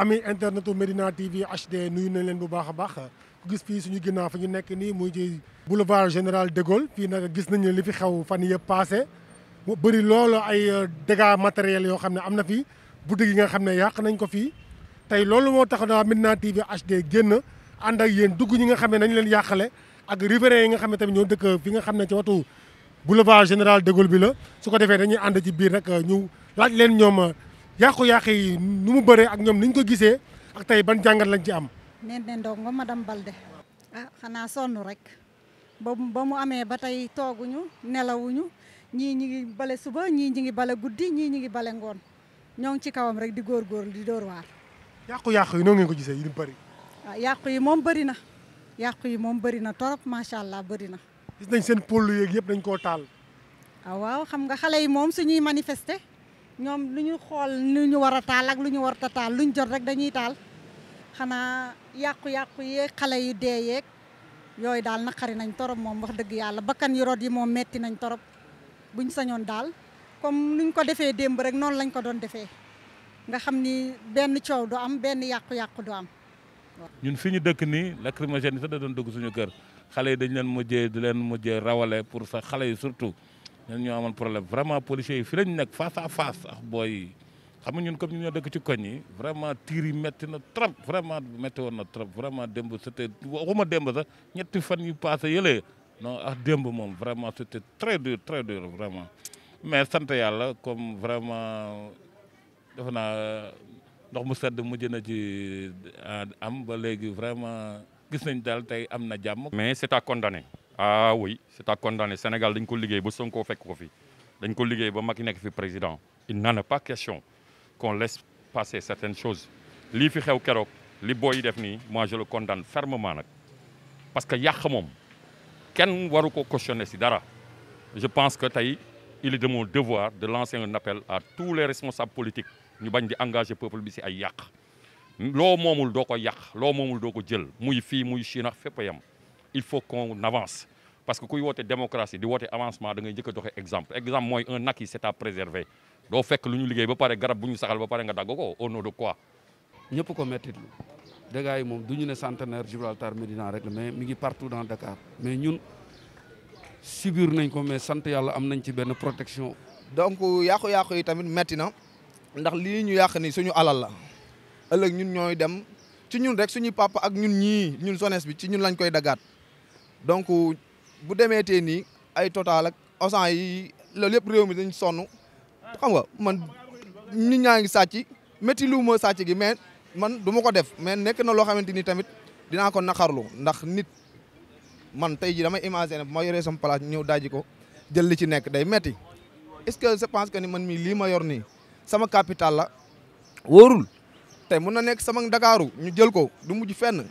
ami internetu Medina TV HD nuyu na leen bu baax a baax ku gis fii suñu ginnaaw fi ñu nekk nii muy ci boulevard général de Gaulle fii nag gis nañu li fi xew fan yëpp passé mu bëri loolu ay euh, dégâts matériels yoo xam ne am na fi boutique yi nga xam ne yàq nañ ko fii tey loolu moo tax na Medina TV HD génn ànd ak yéen dugg ñi nga xam ne nañ leen yàqale ak riverains yi nga xam ne tamit ñoo dëkk fi nga xam ne ci watu boulevard général de Gaulle bi la su ko defee dañuy ànd ci biir nag euh, ñu laaj leen ñoom euh, yàqu-yàq yi nu mu bëree ak ñoom ni ko gisee ak tey ban jàngat lañ ci am. nee na ma dam Balde. ah xanaa sonn rek ba ba mu amee ba tey tooguñu nelawuñu ñii ñi ngi bale suba ñii ñi ngi bale guddi ñii ñi ngi bale ngoon ñoo ci kawam rek di góor góor di dóor waar. yàqu-yàqu yi noo ngeen ko gisee bëri. waaw ah, yi moom bëri na yàqu yi moom bëri na torop macha allah bëri na. gis nañ seen pôle yeeg yëpp dañ koo taal. ah waaw xam nga xale yi moom suñuy manifester ñoom lu ñu xool lu ñu war a taal ak lu ñu war a taal lu ñu jot rek dañuy taal xanaa yàqu-yàqu yeeg xale yu dee yeeg yooyu daal naqari nañ torop moom wax dëgg yàlla bakkan yu yi moom metti nañ torop ñu sañoon daal comme nuñ ko defee démb rek noonu lañ ko doon defee nga xam ni benn coow du am benn yàqu-yàqu du am. ñun fi ñu dëkk nii lacrymogène yi sax da doon dugg suñu kër xale yi dañ leen jee di leen mujjee rawale pour sax xale yi surtout ñun ñoo amoon problème vraiment policiers yi fi lañ nekk face à face ak booy yi xam nga ñun comme ñu ñoo dëkk ci koñ yi vraiment tiir yi métti na trop vraiment métti woon na trop vraiment démb c'était waxuma démb sax ñetti fan yu passé yëlee no a ah, démb moom vraiment c'était très dur très dur vraiment mais sant yàlla kom vraiment defe ndox mu sedd mujj na ci eh, am ba léegi vraiment gis nañ daal tey am na jàmm. mais c'est à condamner ah oui c'est à condamner Sénégal dañ ko liggéey ba Sonko fekk ko fi dañ ko liggéey ba Macky nekk fi président il n'en est pas question qu'on laisse passer certaines chose lii fi xew keroog li booy yi def nii moi je le condamne fermement nag parce que yàq moom kenn waru ko cautionner si dara je pense que tey il est de mon devoir de lancer un appel à tous les responsables politiques ñu bañ di engagé peuple bi si ay yàq loo moomul doo ko yàq loo moomul doo ko jël muy fii muy Chine ak fépp yam il faut que avance parce que kuy woote démocratie di woote avancement da ngay njëkk a exemple exemple mooy un acquis c'est à préserver doo fekk lu ñu liggéey ba pare garab bu ñu saxal ba pare nga dagg ko au nom de quoi. ñëpp ko mettitlu dégâts yi moom du ñu ne centenaire Gibraltar Médina rek la mais mi ngi partout dans Dakar mais ñun subir nañ ko mais sant yàlla am nañ ci benn protection. donc yàqu-yàqu yi tamit metti na. ndax lii ñu yàq ni suñu alal la ëllëg ñun ñooy dem ci ñun rek suñuy papa ak ñun ñii ñun jeunesse bi ci ñun lañ koy dagaat donc bu demeetee nii ay total ak Auchan yi loolu yëpp réew mi dañ sonn xam nga man nit ñaa ngi sàcc métti lu ma sàcc gi mais man du ko def mais nekk na loo xamante ni tamit dinaa ko naqarlu ndax nit man tey ji damay imaginer bu ma yoree sama place ñëw daaji ko jël li ci nekk day metti est-ce que je pense que ni man mii lii ma yor nii sama capital la wóorul te mun na nekk sama Ndakaaru ñu jël ko du mujj fenn.